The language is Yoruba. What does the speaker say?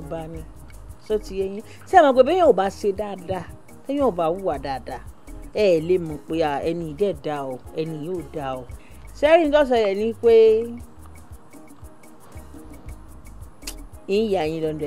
ọba ni ṣó ti yẹ yín tí àwọn agbègbè yẹn ò bá ṣe dáadáa téèyàn ò bá hùwà dáadáa ẹ ẹ lè mọ̀ pé ẹni ìdẹ́ da o ẹni yóò da o sẹ́yìn tó ṣẹlẹ̀ ni pé ìyá yín lọ́dọ̀